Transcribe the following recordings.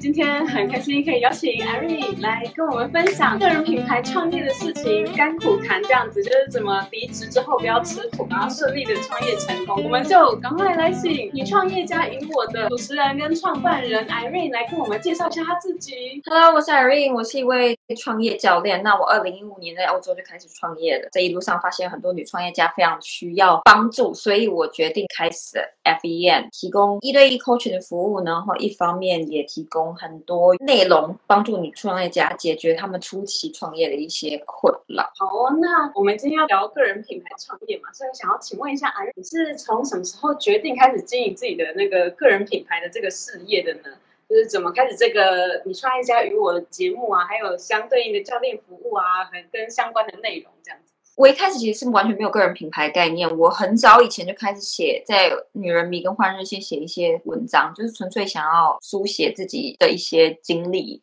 今天很開心，可以邀請 Irene 來跟我們分享個人品牌創業的事情，甘苦談這樣子，就是怎麼離職之後不要吃土，然後順利的創業成功。我們就趕快來請女創業家與我的主持人跟創辦人 Irene 來跟我們介紹一下她自己。Hello，我是 Irene，我是一位，創業教練，那我二零一五年在歐洲就開始創業了。這一路上發現很多女創業家非常需要幫助，所以我決定開始 F E N，提供一對一 coaching 的服務，然後一方面也提供很多內容，幫助女創業家解決他們初期創業的一些困擾。好，那我們今天要聊個人品牌創業嘛，所以想要請問一下阿、啊、你是從什麼時候決定開始經營自己的那個個人品牌的這個事業的呢？就是怎麼開始這個女創業家與我的節目啊，還有相對應的教練服務啊，跟相關的內容這樣子。我一開始其實是完全沒有個人品牌概念，我很早以前就開始寫在《女人迷》跟《換日線》寫一些文章，就是純粹想要書寫自己的一些經歷。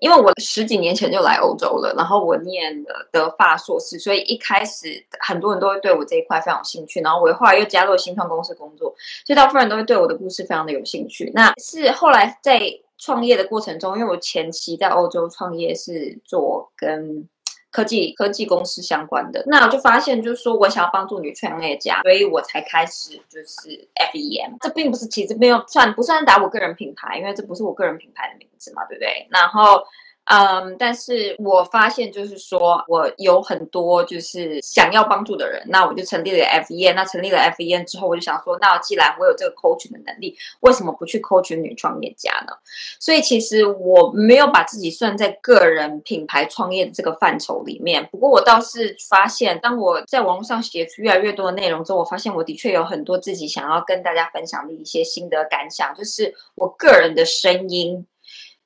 因為我十幾年前就來歐洲了，然後我念了德法碩士，所以一開始很多人都會對我這一塊非常有興趣。然後我後來又加入了新創公司工作，所以大部分人都會對我的故事非常的有興趣。那是後來在創業的過程中，因為我前期在歐洲創業是做跟科技，科技公司相關的，那我就發現，就是說我想要幫助女創業家，所以我才開始就是 FEM。這並不是，其實沒有，算不算打我個人品牌，因為這不是我個人品牌的名字嘛，對不對？然後。嗯，um，但是我發現，就是說我有很多就是想要幫助的人，那我就成立了 FEN。那成立了 FEN 之後，我就想說，那既然我有這個 coach 的能力，為什麼不去 coach 女創業家呢？所以其實我沒有把自己算在個人品牌創業的這個範疇裡面。不過我倒是發現，當我在網絡上寫出越來越多的內容之後，我發現我的確有很多自己想要跟大家分享的一些心得感想，就是我個人的聲音。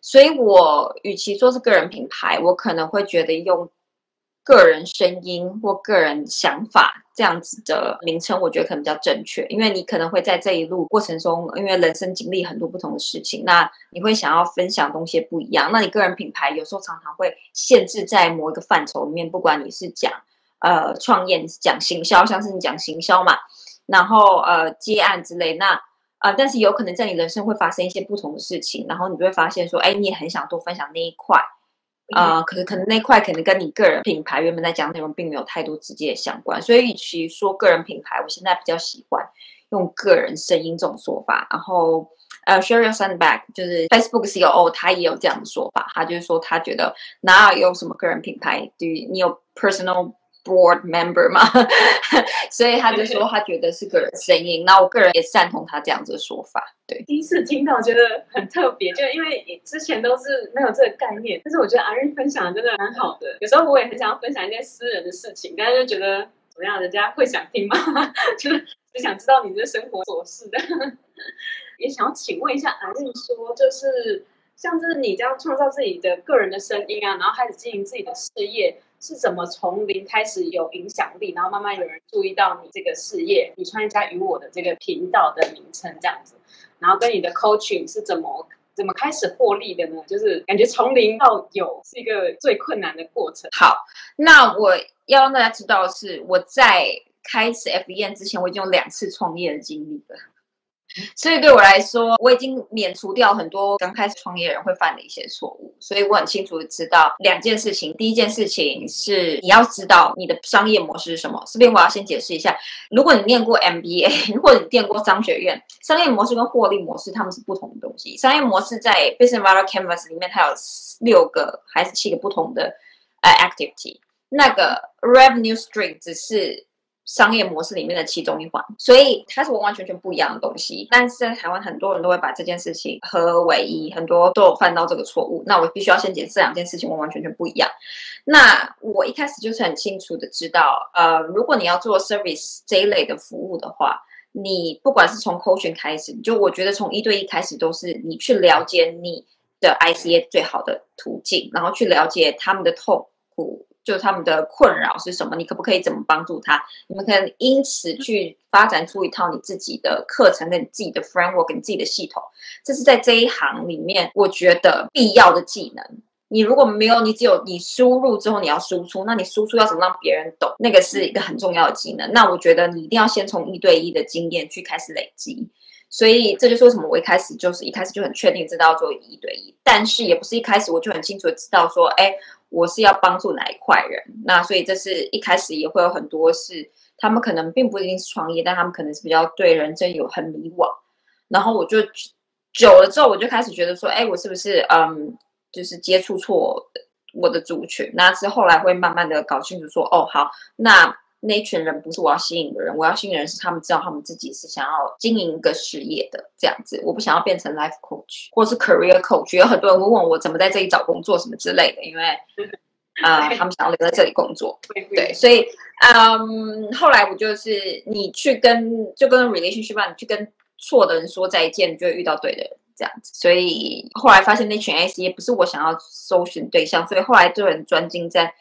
所以，我與其說是個人品牌，我可能會覺得用個人聲音或個人想法這樣子的名稱，我覺得可能比較正確。因為你可能會在這一路過程中，因為人生經歷很多不同的事情，那你會想要分享東西不一樣。那你個人品牌有時候常常會限制在某一個範疇裡面，不管你是講呃創業、你是講行銷，像是你講行銷嘛，然後呃接案之類那。啊、呃，但是有可能在你人生會發生一些不同的事情，然後你就會發現說，哎，你也很想多分享那一塊，啊、嗯呃，可是可能那一塊可能跟你個人品牌原本在講內容並沒有太多直接相關，所以與其說個人品牌，我現在比較喜歡用個人聲音這種說法，然後呃，Sheryl Sandberg，就是 Facebook C O O，他也有這樣的說法，他就是說他覺得哪有什麼個人品牌，對於你有 personal。Board member 嘛， 所以他就說他覺得是個人聲音。那、嗯、我個人也贊同他這樣子的說法。對，第一次聽到我覺得很特別，就因為之前都是沒有這個概念。但是我覺得 Irene 分享的真的蠻好的。有時候我也很想要分享一些私人的事情，但是就覺得怎麼樣，人家會想聽嗎？ 就是只想知道你的生活瑣事的。 也想要請問一下 Irene，說就是像是你這樣創造自己的個人的聲音啊，然後開始經營自己的事業。是怎麼從零開始有影響力，然後慢慢有人注意到你這個事業？女創業家與我的這個頻道的名稱這樣子，然後跟你的 coaching 是怎麼怎麼開始獲利的呢？就是感覺從零到有是一個最困難的過程。好，那我要讓大家知道的是，我在開始 FBN 之前，我已經有兩次創業的經歷了。所以對我來說，我已經免除掉很多剛開始創業的人會犯的一些錯誤，所以我很清楚的知道兩件事情。第一件事情是你要知道你的商業模式是什麼。這邊我要先解釋一下，如果你念過 MBA 或者你念過商學院，商業模式跟獲利模式他們是不同的東西。商業模式在 Business Model Canvas 裡面，它有六個還是七個不同的、呃、activity，那個 Revenue Stream 只是商業模式裡面的其中一環，所以它是完完全全不一樣的東西。但是在台灣，很多人都會把這件事情合為一，很多都有犯到這個錯誤。那我必須要先解釋這兩件事情完完全全不一樣。那我一開始就是很清楚的知道，呃，如果你要做 service 這一類的服務的話，你不管是從 coaching 開始，就我覺得從一對一開始都是你去了解你的 ICA 最好的途徑，然後去了解他們的痛苦。就是他們的困擾是什麼？你可不可以怎麼幫助他？你們可能因此去發展出一套你自己的課程、跟你自己的 framework、你自己的系統。這是在這一行裡面，我覺得必要的技能。你如果沒有，你只有你輸入之後你要輸出，那你輸出要怎麼讓別人懂？那個是一個很重要的技能。那我覺得你一定要先從一對一的經驗去開始累積。所以這就是為什麼我一開始就是一開始就很確定知道要做一對一，但是也不是一開始我就很清楚知道說，哎，我是要幫助哪一塊人。那所以這是一開始也會有很多事，他們可能並不一定是創業，但他們可能是比較對人生有很迷惘。然後我就久了之後，我就開始覺得說，哎，我是不是嗯，就是接觸錯我的族群？那是後，後來會慢慢的搞清楚說，哦，好，那。那群人不是我要吸引的人，我要吸引的人是他們知道他們自己是想要經營一個事業的這樣子。我不想要變成 life coach 或是 career coach，有很多人會問我怎麼在這裡找工作什麼之類的，因為啊， 呃、 他們想要留在這裡工作。 對， 對，所以嗯，後來我就是你去跟就跟 relationship 你去跟錯的人說再見，你就會遇到對的人這樣子。所以後來發現那群 S E 不是我想要搜尋對象，所以後來就很專精在。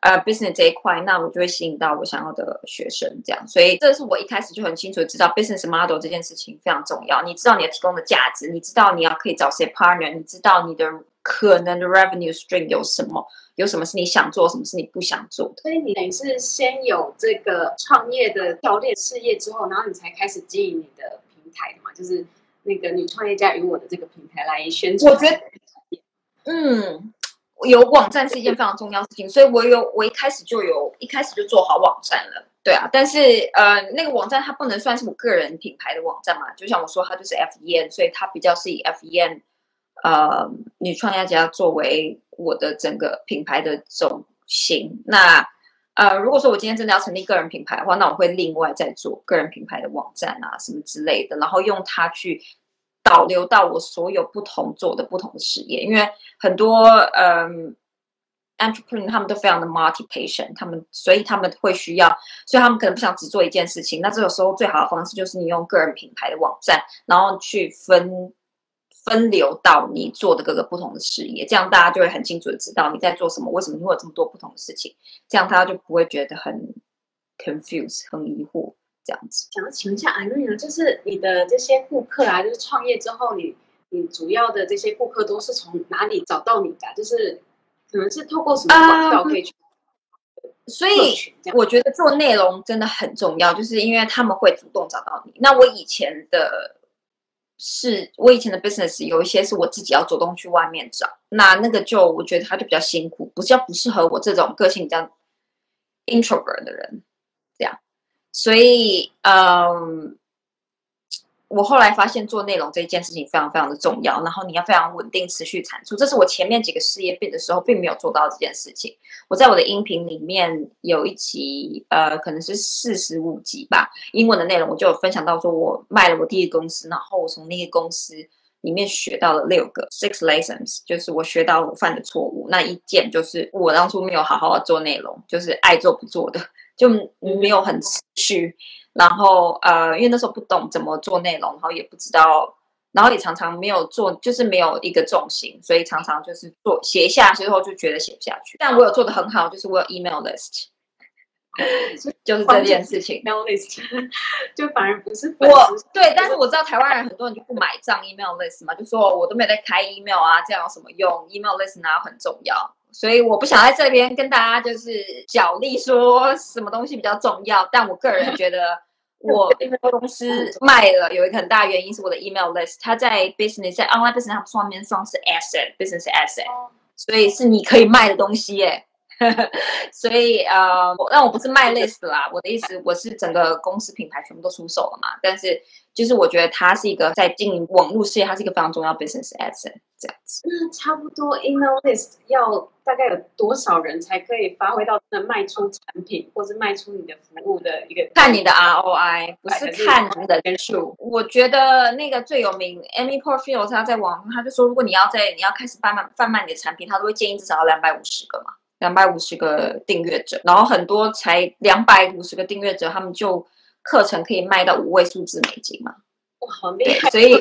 呃、uh，business 這一塊，那我就會吸引到我想要的學生，這樣。所以這是我一開始就很清楚知道 business model 這件事情非常重要。你知道你的提供的價值，你知道你要可以找誰 partner，你知道你的可能的 revenue stream 有什麼，有什麼是你想做，什麼是你不想做的。所以你等於是先有這個創業的教練事業之後，然後你才開始經營你的平台嘛，就是那個女創業家與我的這個平台來宣傳。我覺得，嗯。有網站是一件非常重要的事情，所以我有我一開始就有一開始就做好網站了。對啊，但是呃，那個網站它不能算是我個人品牌的網站嘛，就像我說，它就是 FEN，所以它比較是以 FEN 呃女創業家作為我的整個品牌的中心。那呃，如果說我今天真的要成立個人品牌的話，那我會另外再做個人品牌的網站啊什麼之類的，然後用它去。導流到我所有不同做的不同的事業，因為很多嗯、呃、，entrepreneur 他們都非常的 multi-patient，他們所以他們會需要，所以他們可能不想只做一件事情。那這個時候最好的方式就是你用個人品牌的網站，然後去分分流到你做的各個不同的事業，這樣大家就會很清楚的知道你在做什麼，為什麼你會有這麼多不同的事情，這樣大家就不會覺得很 confuse，很疑惑。這樣子，想要請問一下 Irene 呢，就是你的這些顧客啊，就是創業之後你，你你主要的這些顧客都是從哪裡找到你的啊？就是可能是透過什麼管道可以去？Uh, 所以，我覺得做內容真的很重要，就是因為他們會主動找到你。那我以前的是，我以前的 business 有一些是我自己要主動去外面找，那那個就我覺得他就比較辛苦，比較不適合我這種個性比較 introvert 的人。所以，嗯，我後來發現做內容這一件事情非常非常的重要。然後你要非常穩定、持續產出，這是我前面幾個事業變的時候並沒有做到這件事情。我在我的音頻裡面有一集，呃，可能是四十五集吧，英文的內容我就有分享到說，我賣了我第一個公司，然後我從那個公司。裡面學到了六個，six lessons，就是我學到我犯的錯誤。那一件就是我當初沒有好好的做內容，就是愛做不做的，就沒有很持續。然後呃，因為那時候不懂怎麼做內容，然後也不知道，然後也常常沒有做，就是沒有一個重心，所以常常就是做，寫一下之後就覺得寫不下去。但我有做得很好，就是我有 email list。就是這件事情。就反而不是我對，但是我知道台灣人很多人就不買賬，Email list 嘛，就說我都沒有在開 Email 啊，這樣有什麼用？Email list 呢很重要，所以我不想在這邊跟大家就是角力說什麼東西比較重要。但我個人覺得，我因為公司賣了有一個很大原因是我的 Email list，它在 Business，在 Online Business 它上面上是 Asset，Business Asset，所以是你可以賣的東西耶、欸。 所以呃，但我不是賣 list 啦，我的意思我是整個公司品牌全部都出手了嘛。但是就是我覺得它是一個在經營網絡事業，它是一個非常重要 business asset 這樣子。那、嗯、差不多 email list 要大概有多少人才可以發揮到能賣出產品，或是賣出你的服務的一個？看你的 ROI，不是看你的人數。我覺得那個最有名 Amy Porterfield 他在網他就說，如果你要在你要開始販賣販賣你的產品，他都會建議至少要兩百五十個嘛。兩百五十個訂閱者，然後很多才兩百五十個訂閱者，他們就課程可以賣到五位數字美金嘛。哇，好厲害！所以，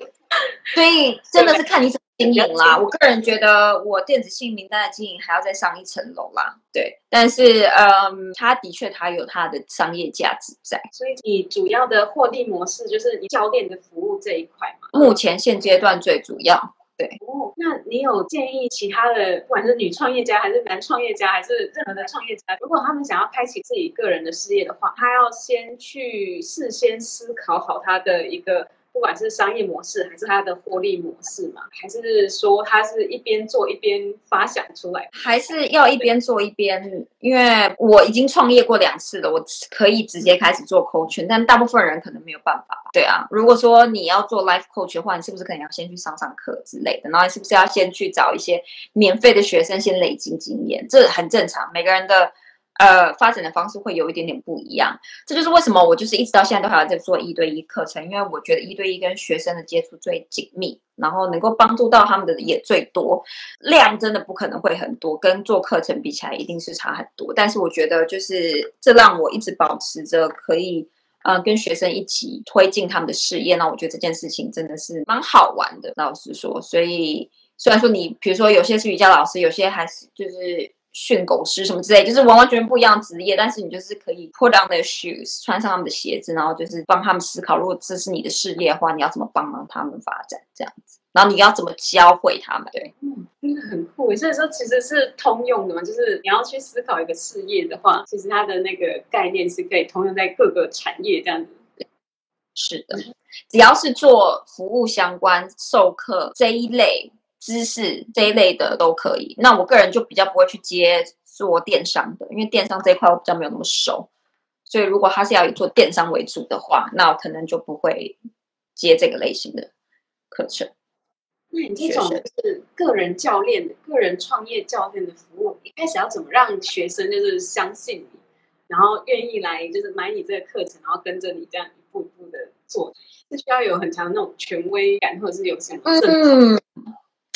所以真的是看你怎麼經營啦。我個人覺得，我電子信名單的經營還要再上一層樓啦。對，但是，嗯，他的確他有他的商業價值在。所以你主要的獲利模式就是你教練的服務這一塊嘛？目前現階段最主要。對哦，那你有建議其他的，不管是女創業家還是男創業家，還是任何的創業家，如果他們想要開啟自己個人的事業的話，他要先去事先思考好他的一個。不管是商業模式還是它的獲利模式嘛，還是說它是一邊做一邊發想出來，還是要一邊做一邊？因為我已經創業過兩次了，我可以直接開始做 coach，但大部分人可能沒有辦法。對啊，如果說你要做 life coach 的話，你是不是可能要先去上上課之類的？然後你是不是要先去找一些免費的學生先累積經驗？這很正常，每個人的。呃，發展的方式會有一點點不一樣，這就是為什麼我就是一直到現在都還在做一對一課程，因為我覺得一對一跟學生的接觸最緊密，然後能夠幫助到他們的也最多，量真的不可能會很多，跟做課程比起來一定是差很多。但是我覺得就是這讓我一直保持着可以，呃，跟學生一起推進他們的事業，那我覺得這件事情真的是蠻好玩的，老實說。所以雖然說你比如說有些是瑜伽老師，有些還是就是。訓狗師什麼之類，就是完完全全不一樣的職業，但是你就是可以 put on their shoes，穿上他們的鞋子，然後就是幫他們思考，如果這是你的事業的話，你要怎麼幫忙他們發展這樣子，然後你要怎麼教會他們？對，嗯，真的很酷。所以說其實是通用的嘛，就是你要去思考一個事業的話，其實它的那個概念是可以通用在各個產業這樣子對。是的，只要是做服務相關、授課這一類。知識這一類的都可以，那我個人就比較不會去接做電商的，因為電商這一塊我比較沒有那麼熟，所以如果他是要以做電商為主的話，那我可能就不會接這個類型的課程。那你這種就是個人教練、個人創業教練的服務，一開始要怎麼讓學生就是相信你，然後願意來就是買你這個課程，然後跟着你這樣一步一步的做，是需要有很強的那種權威感，或者是有什麼？嗯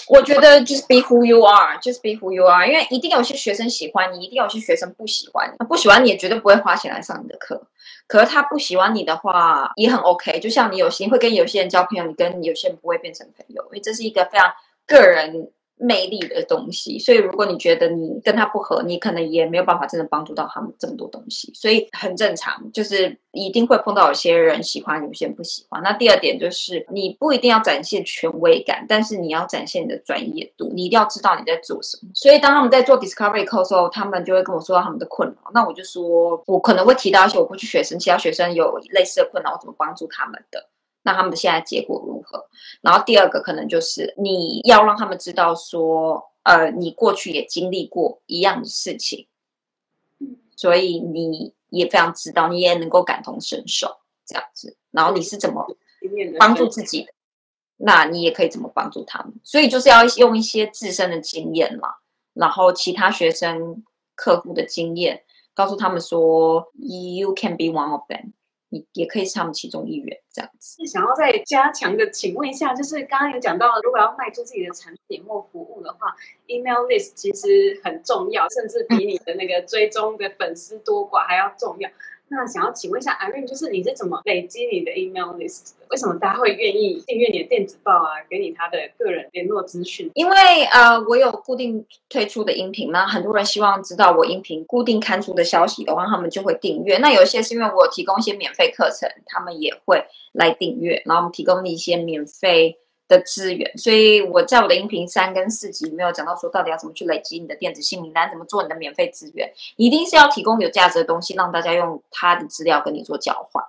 我覺得就是 be who you are，就是 be who you are，因為一定有些學生喜歡你，一定有些學生不喜歡你。他不喜歡你也絕對不會花錢來上你的課。可是他不喜歡你的話也很 OK，就像你有些會跟有些人交朋友，你跟你有些人不會變成朋友，因為這是一個非常個人魅力的東西，所以如果你覺得你跟他不合，你可能也沒有辦法真的幫助到他們這麼多東西，所以很正常，就是一定會碰到有些人喜歡，有些人不喜歡。那第二點就是，你不一定要展現權威感，但是你要展現你的專業度，你一定要知道你在做什麼。所以當他們在做 discovery call 時候，他們就會跟我說到他們的困擾，那我就說我可能會提到一些我過去學生，其他學生有類似的困擾，我怎麼幫助他們的。那他們的現在結果如何？然後第二個可能就是你要讓他們知道說，呃，你過去也經歷過一樣的事情，所以你也非常知道，你也能夠感同身受這樣子。然後你是怎麼幫助自己的？那你也可以怎麼幫助他們？所以就是要用一些自身的經驗嘛，然後其他學生客戶的經驗，告訴他們說，You can be one of them。也也可以是他們其中一員，這樣子。是想要再加強的，請問一下，就是剛剛有講到，如果要賣出自己的產品或服務的話 ，email list 其實很重要，甚至比你的那個追蹤的粉絲多寡還要重要。那想要請問一下 Irene，就是你是怎麼累積你的 email list 的？為什麼大家會願意訂閱你的電子報啊，給你他的個人聯絡資訊？因為呃，我有固定推出的音頻，那很多人希望知道我音頻固定刊出的消息的話，他們就會訂閱。那有一些是因為我提供一些免費課程，他們也會來訂閱。然後我們提供一些免費。的資源，所以我在我的音頻三跟四集沒有講到說到底要怎麼去累積你的電子信名單，怎麼做你的免費資源，一定是要提供有價值的東西，讓大家用他的資料跟你做交換。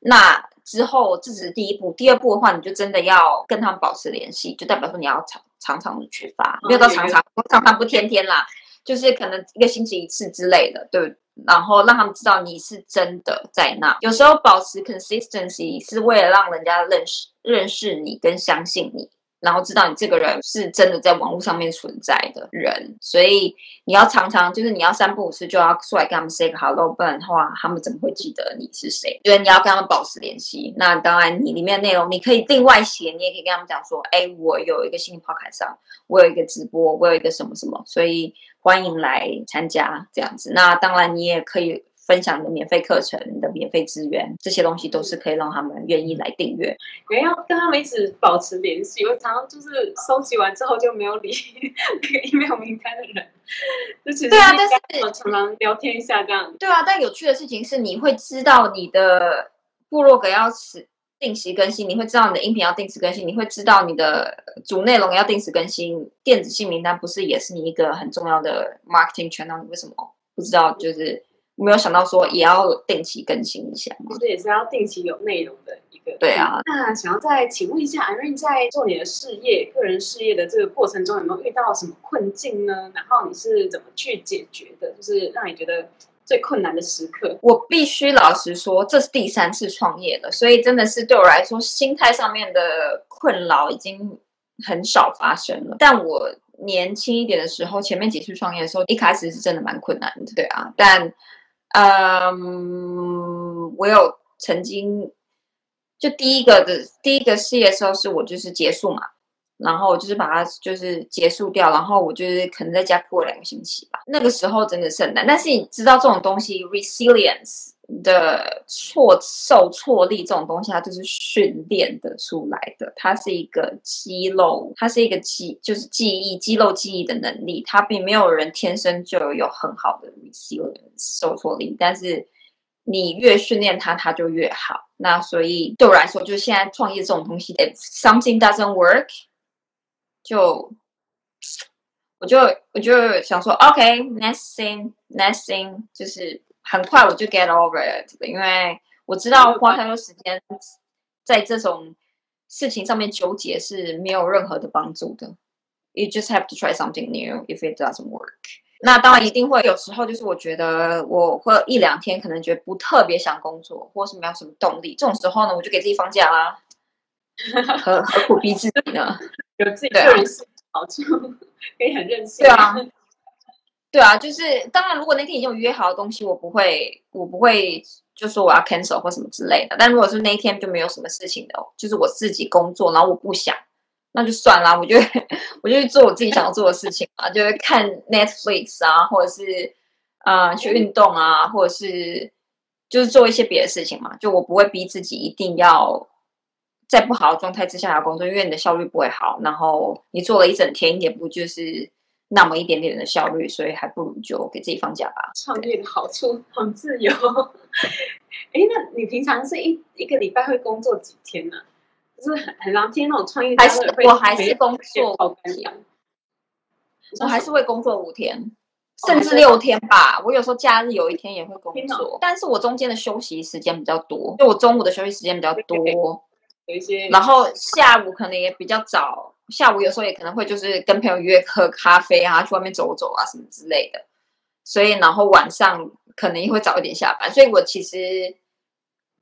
那之後這只是第一步，第二步的話，你就真的要跟他們保持聯繫，就代表說你要常常常的去發、嗯，沒有到常常、嗯、常常不天天啦、嗯，就是可能一個星期一次之類的，對。然後讓他們知道你是真的在那。有時候保持 consistency 是為了讓人家認識認識你，跟相信你，然後知道你這個人是真的在網絡上面存在的人。所以你要常常就是你要三不五時就要出來跟他們 say 個 hello，不然的話他們怎麼會記得你是誰？所以你要跟他們保持聯繫。那當然你裡面的內容你可以另外寫，你也可以跟他們講說，哎，我有一個新的 podcast，我有一個直播，我有一個什麼什麼，所以。歡迎來參加這樣子，那當然你也可以分享你的免費課程、你的免費資源，這些東西都是可以讓他們願意來訂閱，也要跟他們一直保持聯繫。我常常就是收集完之後就沒有理那個 email 名單的人，就只是對啊，但是常常聊天一下這樣。對啊，但有趣的事情是，你會知道你的部落格要死。定期更新，你會知道你的音頻要定時更新，你會知道你的主內容要定時更新。電子信名單不是也是你一個很重要的 marketing channel 你為什麼不知道？就是有沒有想到說也要定期更新一下嗎？這、就是、也是要定期有內容的一個。對啊。那想要再請問一下，Irene 在做你的事業、個人事業的這個過程中，有沒有遇到什麼困境呢？然後你是怎麼去解決的？就是讓你覺得。最困難的時刻，我必須老實說，這是第三次創業了，所以真的是對我來說，心態上面的困擾已經很少發生了。但我年輕一點的時候，前面幾次創業的時候，一開始是真的蠻困難的，對啊。但，嗯、呃，我有曾經就第一個的第一個事業的時候，是我就是結束嘛。然後我就是把它就是結束掉，然後我就是可能在家過兩個星期吧。那個時候真的是很難，但是你知道這種東西 resilience 的挫受挫力這種東西，它就是訓練得出來的，它是一個肌肉，它是一個記就是記憶肌肉記憶的能力，它並沒有人天生就有很好的 resilience 受挫力，但是你越訓練它，它就越好。那所以對我來說，就是現在創業這種東西，if something doesn't work。就我就我就想說，OK，next thing，next thing，、okay, 就是很快我就 get over it，因為我知道花很多時間在這種事情上面糾結是沒有任何的幫助的。You just have to try something new if it doesn't work。那當然，一定會有時候就是我覺得我會一兩天可能覺得不特別想工作，或是沒有什麼動力。這種時候呢，我就給自己放假啦，何何苦逼自己呢？ 有自己的好處、啊，可以很任性。對啊，對啊，就是當然，如果那天已經有約好的東西，我不會，我不會就說我要 cancel 或什麼之類的。但如果是那一天就沒有什麼事情的，就是我自己工作，然後我不想，那就算了。我就，我就做我自己想要做的事情嘛， 就是看 Netflix 啊，或者是啊、呃、去運動啊，或者是就是做一些別的事情嘛。就我不會逼自己一定要。在不好的狀態之下要工作，因為你的效率不會好。然後你做了一整天，也不就是那麼一點點的效率，所以還不如就給自己放假吧。創業的好處很自由。哎，那你平常是一一個禮拜會工作幾天呢、啊？就是很很常見那種創業，還是我還是工作我還是會工作五天，嗯、甚至六天吧。我有時候假日有一天也會工作，但是我中間的休息時間比較多，就我中午的休息時間比較多。Okay, okay. 然後下午可能也比較早，下午有時候也可能會就是跟朋友約喝咖啡啊，去外面走走啊什麼之類的。所以然後晚上可能也會早一點下班。所以我其實，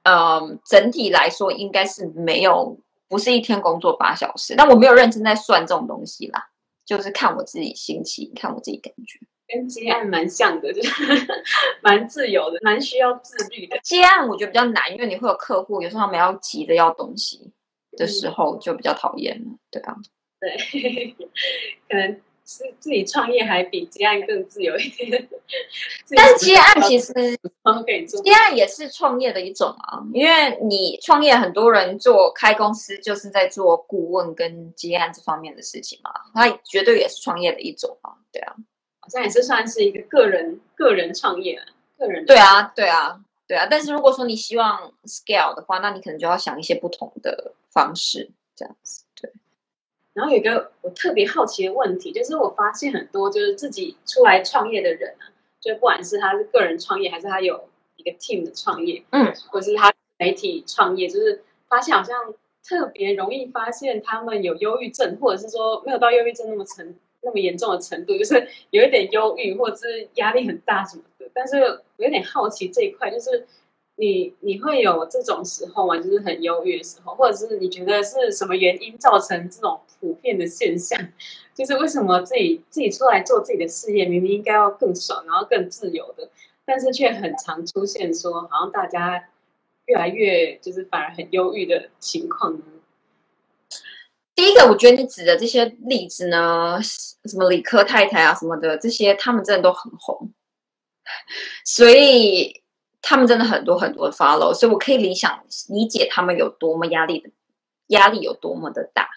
嗯、呃，整體來說應該是沒有，不是一天工作八小時，但我沒有認真在算這種東西啦，就是看我自己心情，看我自己感覺。跟接案蠻像的，就是蠻自由的，蠻需要自律的。接案我覺得比較難，因為你會有客戶，有時候他們要急着要東西的時候，嗯、就比較討厭了，對吧？對，可能是自己創業還比接案更自由一點。但是接案其實接案也是創業的一種啊，因為你創業很多人做開公司就是在做顧問跟接案這方面的事情嘛，他絕對也是創業的一種啊，對啊。好像也是算是一個個人個人創業，個人創業對啊對啊對啊。但是如果說你希望 scale 的話，那你可能就要想一些不同的方式，這樣子對。然後有一個我特別好奇的問題，就是我發現很多就是自己出來創業的人啊，就不管是他是個人創業，還是他有一個 team 的創業，嗯，或者是他媒體創業，就是發現好像特別容易發現他們有憂鬱症，或者是說沒有到憂鬱症那麼成。那麼嚴重的程度，就是有一點憂鬱，或者是壓力很大什麼的。但是我有點好奇這一塊，就是你你會有這種時候嗎？就是很憂鬱的時候，或者是你覺得是什麼原因造成這種普遍的現象？就是為什麼自己自己出來做自己的事業，明明應該要更爽，然後更自由的，但是卻很常出現說，好像大家越來越就是反而很憂鬱的情況呢？第一個，我覺得你指的這些例子呢，什麼理科太太啊，什麼的這些，他們真的都很紅，所以他們真的很多很多 follow，所以我可以理想理解他們有多麼壓力的，壓力有多麼的大。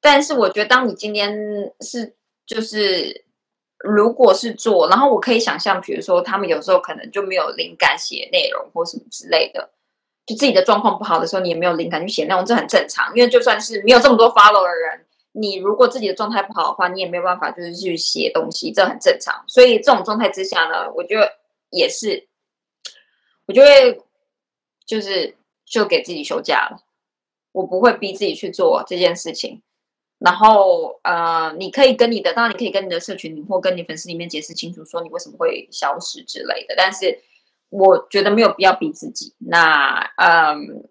但是我覺得，當你今天是就是如果是做，然後我可以想象，比如說他們有時候可能就沒有靈感寫內容或什麼之類的。就自己的狀況不好的時候，你也沒有靈感去寫那種，這很正常。因為就算是沒有這麼多 follow 的人，你如果自己的狀態不好的話，你也沒有辦法就是去寫東西，這很正常。所以這種狀態之下呢，我就也是，我就會就是就給自己休假了。我不會逼自己去做這件事情。然後呃，你可以跟你的，當然你可以跟你的社群或跟你粉絲裡面解釋清楚，說你為什麼會消失之類的。但是。我覺得沒有必要逼自己。那，嗯，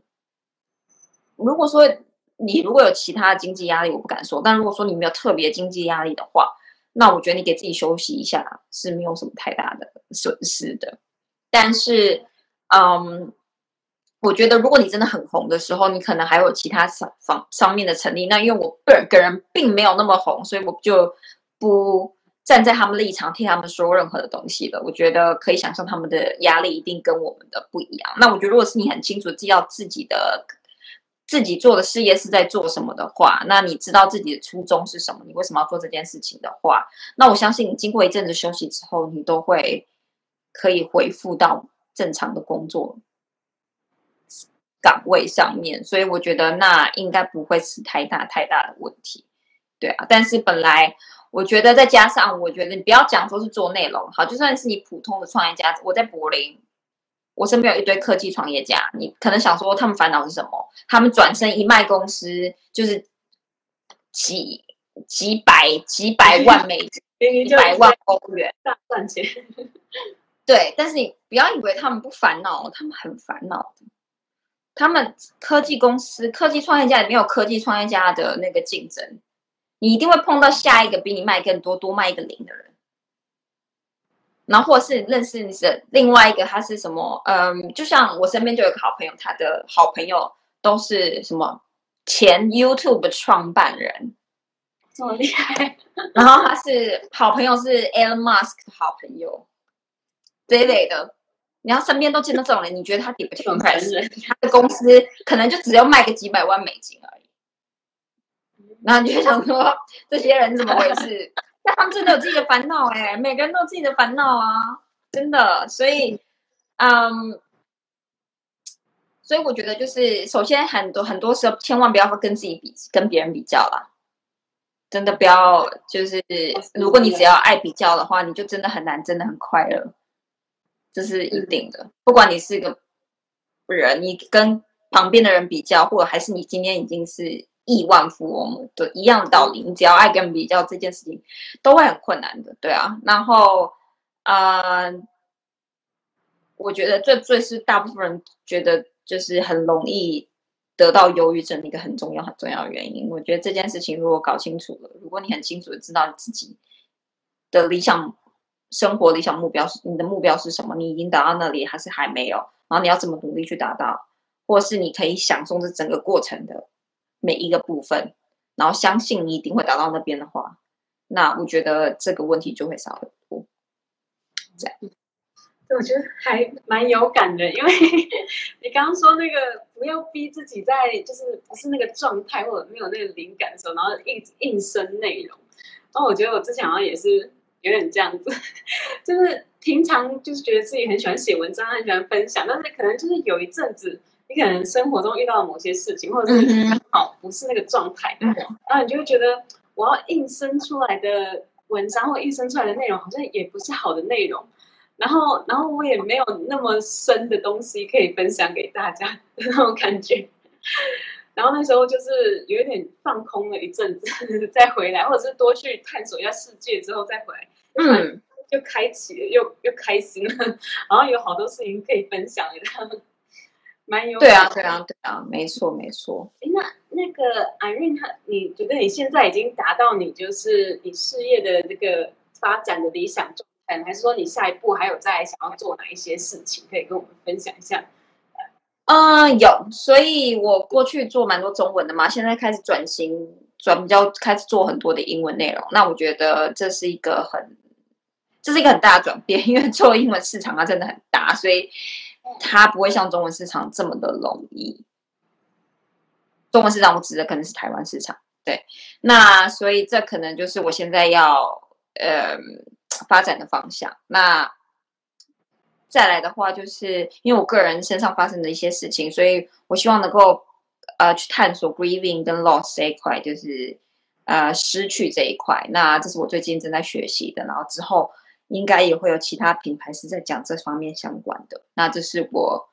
如果說你如果有其他的經濟壓力，我不敢說；但如果說你沒有特別經濟壓力的話，那我覺得你給自己休息一下是沒有什麼太大的損失的。但是，嗯，我覺得如果你真的很紅的時候，你可能還有其他上方面的成立。那因為我個人個人並沒有那麼紅，所以我就不。站在他們立場，聽他們說任何的東西的。我覺得可以想象他們的壓力一定跟我們的不一樣。那我覺得，如果是你很清楚知道自己的、自己做的事業是在做什麼的話，那你知道自己的初衷是什麼，你為什麼要做這件事情的話，那我相信你經過一陣子休息之後，你都會可以回復到正常的工作崗位上面。所以我覺得那應該不會是太大太大的問題，對啊。但是本來。我覺得再加上，我覺得你不要講說是做內容好，就算是你普通的創業家，我在柏林，我身邊有一堆科技創業家，你可能想說他們煩惱是什麼？他們轉身一賣公司，就是幾幾百幾百萬美元百萬歐元大賺錢。對，但是你不要以為他們不煩惱，他們很煩惱。他們科技公司科技創業家也沒有科技創業家的那個競爭。你一定會碰到下一個比你賣更多，多賣一個零的人，然後或者是認識你的另外一個他是什麼？嗯、呃，就像我身邊就有個好朋友，他的好朋友都是什麼前 YouTube 的創辦人，這、哦、麼厲害。然後他是好朋友是 Elon Musk 的好朋友這一類的，你要身邊都見到這種人，你覺得他頂不頂得開？他的公司可能就只有賣個幾百萬美金而已。那你就想說，這些人怎麼回事？那 他們真的有自己的煩惱哎，每個人都有自己的煩惱啊，真的。所以，嗯，所以我覺得就是，首先很多很多時候，千萬不要跟自己比，跟別人比較啦。真的不要，就是如果你只要愛比較的話，你就真的很難，真的很快樂，這、就是一定的、嗯。不管你是一個人，你跟旁邊的人比較，或者還是你今天已經是。億萬富翁的一樣的道理，你只要愛跟比較這件事情，都會很困難的，對啊。然後，呃，我覺得這最，最是大部分人覺得就是很容易得到憂鬱症的一個很重要很重要的原因。我覺得這件事情如果搞清楚了，如果你很清楚的知道你自己的理想生活、理想目標是你的目標是什麼，你已經達到那裡還是還沒有，然後你要怎麼努力去達到，或是你可以享受這整個過程的。每一個部分，然後相信你一定會達到那邊的話，那我覺得這個問題就會少很多。這樣，啊，我覺得還蠻有感的，因為你剛剛說那個不要逼自己在，就是不是那個狀態或者沒有那個靈感的時候，然後硬硬生內容。然後我覺得我之前好像也是有點這樣子，就是平常就是覺得自己很喜歡寫文章，很喜歡分享，但是可能就是有一陣子。你可能生活中遇到某些事情，或者是剛好不是那個狀態，嗯，然後你就會覺得我要硬生出來的文章或硬生出來的內容好像也不是好的內容，然後然後我也沒有那麼深的東西可以分享給大家的那種感覺。然後那時候就是有點放空了一陣子，再回來，或者是多去探索一下世界之後再回來，嗯，又開啟，又又開心了。然後有好多事情可以分享給他們。對啊，對啊，對啊，沒錯，沒錯。哎，那那個 Irene，、啊、他，你覺得你現在已經達到你就是你事業的那個發展的理想狀態，還是說你下一步還有在想要做哪一些事情，可以跟我們分享一下？嗯、呃，有，所以我過去做蠻多中文的嘛，現在開始轉型，轉比較開始做很多的英文內容。那我覺得這是一個很，這是一個很大的轉變，因為做英文市場啊，真的很大，所以。它不會像中文市場這麼的容易。中文市場，我指的可能是台灣市場。對，那所以這可能就是我現在要呃發展的方向。那再來的話，就是因為我個人身上發生的一些事情，所以我希望能夠呃去探索 grieving 跟 loss 這一塊，就是呃失去這一塊。那這是我最近正在學習的。然後之後，應該也會有其他品牌是在講這方面相關的，那這是我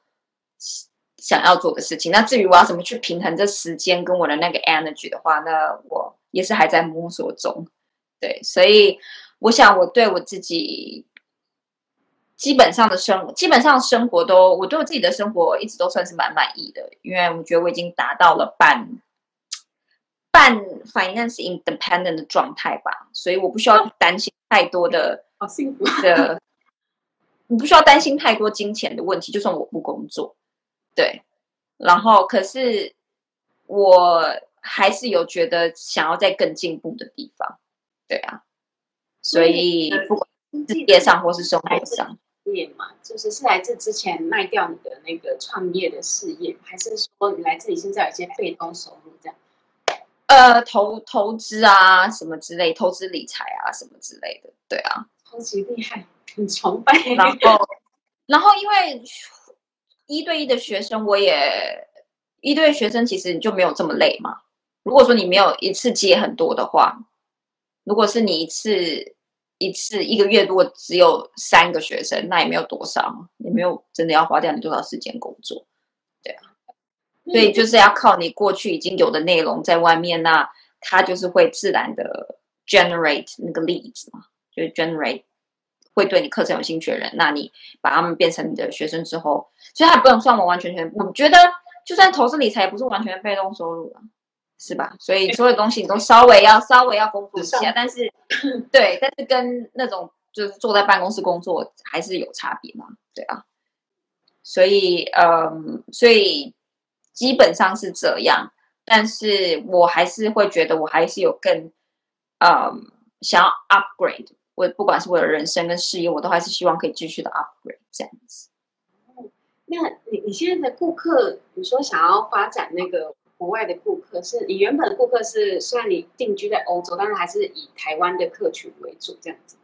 想要做的事情。那至於我要怎麼去平衡這時間跟我的那個 energy 的話，那我也是還在摸索中。對，所以我想我對我自己基本上的生活，基本上生活都，我對我自己的生活一直都算是蠻滿意的，因為我覺得我已經達到了半半 finance independent 的狀態吧，所以我不需要擔心太多的。好幸福 的，你不需要擔心太多金錢的問題。就算我不工作，對，然後可是我還是有覺得想要在更進步的地方，對啊。所以，嗯、不管是事業上或是生活上，嗯、業嘛，就是是來自之前賣掉你的那個創業的事業，還是說你來自你現在有一些被動收入這樣？呃，投投資啊，什麼之類，投資理財啊，什麼之類的，對啊。超級厲害，很崇拜。然後，然後因為一對一的學生，我也一對一學生其實就沒有這麼累嘛。如果說你沒有一次接很多的話，如果是你一次一次一個月多，只有三個學生，那也沒有多少，也沒有真的要花掉你多少時間工作。對啊，嗯，所以就是要靠你過去已經有的內容在外面，那它就是會自然的 generate 那個 leads 嘛，就是 generate。會對你課程有興趣的人，那你把他們變成你的學生之後，所以他不能算完完全全。我覺得就算投資理財也不是完全被動收入，是吧？所以所有東西你都稍微要稍微要功夫一下。但是，對，但是跟那種就是坐在辦公室工作還是有差別嘛？對啊。所以，嗯，所以基本上是這樣。但是我還是會覺得，我還是有更，嗯，想要 upgrade。我不管是我的人生跟事業，我都還是希望可以繼續的 upgrade 這樣子。那你你現在的顧客，你說想要發展那個國外的顧客，是你原本的顧客是雖然你定居在歐洲，但是還是以台灣的客群為主這樣子。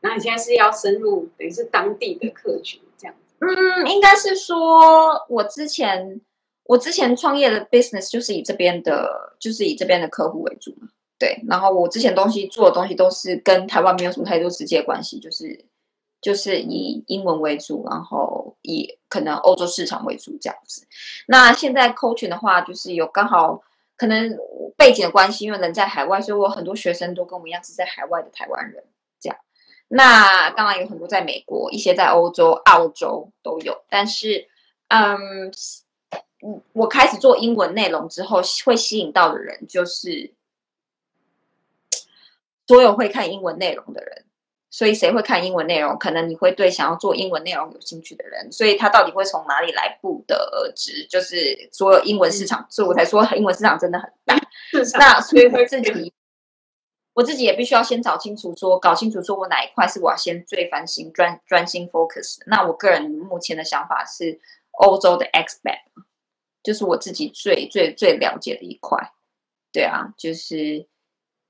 那你現在是要深入等於是當地的客群這樣子？嗯，應該是說我之前我之前創業的 business 就是以這邊的，就是以這邊的客戶為主嘛。對，然後我之前東西做的東西都是跟台灣沒有什麼太多直接關係，就是就是以英文為主，然後以可能歐洲市場為主這樣子。那現在 coaching 的話，就是有剛好可能背景的關係，因為人在海外，所以我很多學生都跟我一樣是在海外的台灣人這樣。那當然有很多在美國，一些在歐洲、澳洲都有。但是，嗯，我開始做英文內容之後，會吸引到的人就是。所有會看英文內容的人，所以誰會看英文內容？可能你會對想要做英文內容有興趣的人，所以他到底會從哪裡來不得而知。就是所有英文市場、嗯，所以我才說英文市場真的很大。 那所以我自己， 我自己也必須要先找清楚說，說搞清楚，說我哪一塊是我要先最繁心專專心 focus。那我個人目前的想法是，歐洲的 X-Bank，就是我自己最最最了解的一塊。對啊，就是。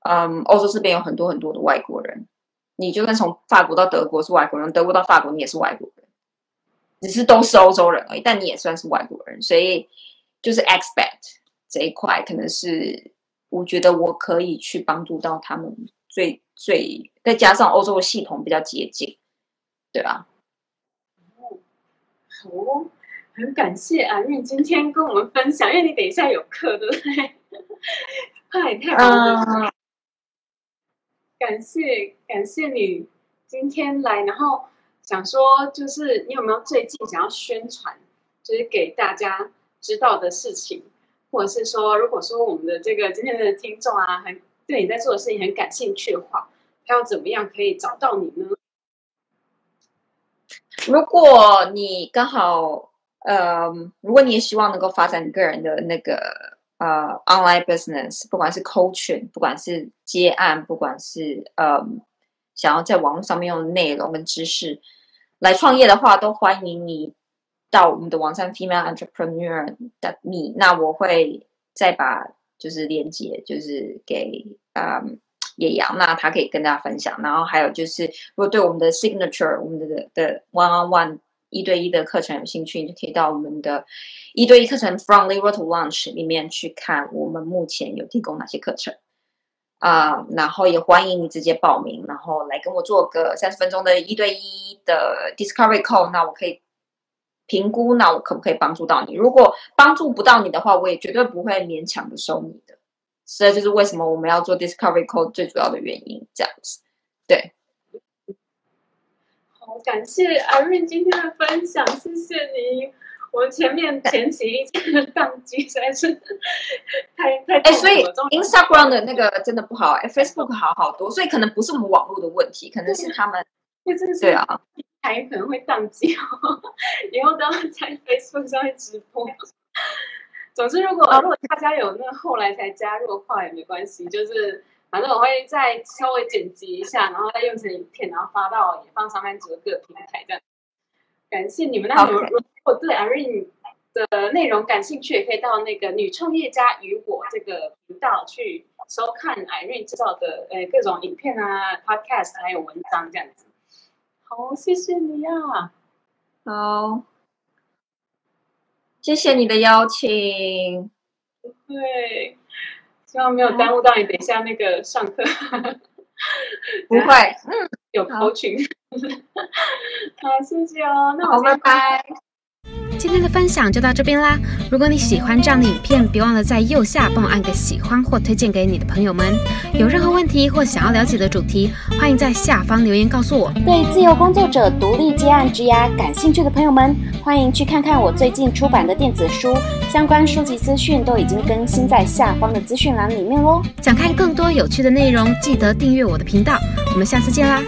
嗯，歐洲這邊有很多很多的外國人。你就算從法國到德國是外國人，德國到法國你也是外國人，只是都是歐洲人而已，但你也算是外國人。所以就是 expect 這一塊，可能是我覺得我可以去幫助到他們最最，再加上歐洲的系統比較接近，對吧？哦，好，哦，很感謝啊，因為今天跟我們分享，因為你等一下有課，對不對？ 太棒了！嗯感謝感謝你今天來，然後想說就是你有沒有最近想要宣傳，就是給大家知道的事情，或者是說，如果說我們的這個今天的聽眾啊，很對你在做的事情很感興趣的話，他要怎麼樣可以找到你呢？如果你剛好，呃，如果你也希望能夠發展個人的那個。呃、uh，online business，不管是 coaching，不管是接案，不管是呃、um，想要在網絡上面用的內容跟知識來創業的話，都歡迎你到我們的網站 female entrepreneur 的 me。那我會再把就是連接，就是給嗯野羊，那、um、他可以跟大家分享。然後還有就是，如果對我們的 signature，我們的的 one on one。一對一的課程有興趣，你就可以到我們的“一對一課程 From Learn to Launch” 裡面去看我們目前有提供哪些課程啊。Uh, 然後也歡迎你直接報名，然後來跟我做個三十分鐘的一對一的 Discovery Call，那我可以評估，那我可不可以幫助到你？如果幫助不到你的話，我也絕對不會勉強的收你的。所以就是為什麼我們要做 Discovery Call 最主要的原因，這樣子，對。感謝 Irene 今天的分享，謝謝你。我前面前行一期宕機實在是太太多多、欸，所以 Instagram 的那個真的不好、欸、，Facebook 好好多，所以可能不是我們網絡的問題，可能是他們對，對，對啊，平台可能會宕機、哦。以後都要在 Facebook 上會直播。總之，如果、啊、如果大家有那個後來才加入的話也沒關係，就是。反正我會再稍微剪輯一下，然後再用成影片，然後發到野放上班族各平台的。感謝你們，那、okay. 啊、如果對 Irene 的內容感興趣，也可以到那個女創業家與我這個頻道去收看 Irene 製造的呃各種影片啊、Podcast 還有文章這樣子。好，謝謝你呀、啊。好、oh.，謝謝你的邀請。不希望沒有耽誤到你，等一下那個上課，啊， 不會，有 Q 群，好，謝謝哦，好那我好，拜拜。拜拜。今天的分享就到這邊啦！如果你喜歡這樣的影片，別忘了在右下幫我按個喜歡或推薦給你的朋友們。有任何問題或想要了解的主題，歡迎在下方留言告訴我。對自由工作者獨立接案職涯感興趣的朋友們，歡迎去看看我最近出版的電子書，相關書籍資訊都已經更新在下方的資訊欄裡面哦。想看更多有趣的內容，記得訂閱我的頻道。我們下次見啦！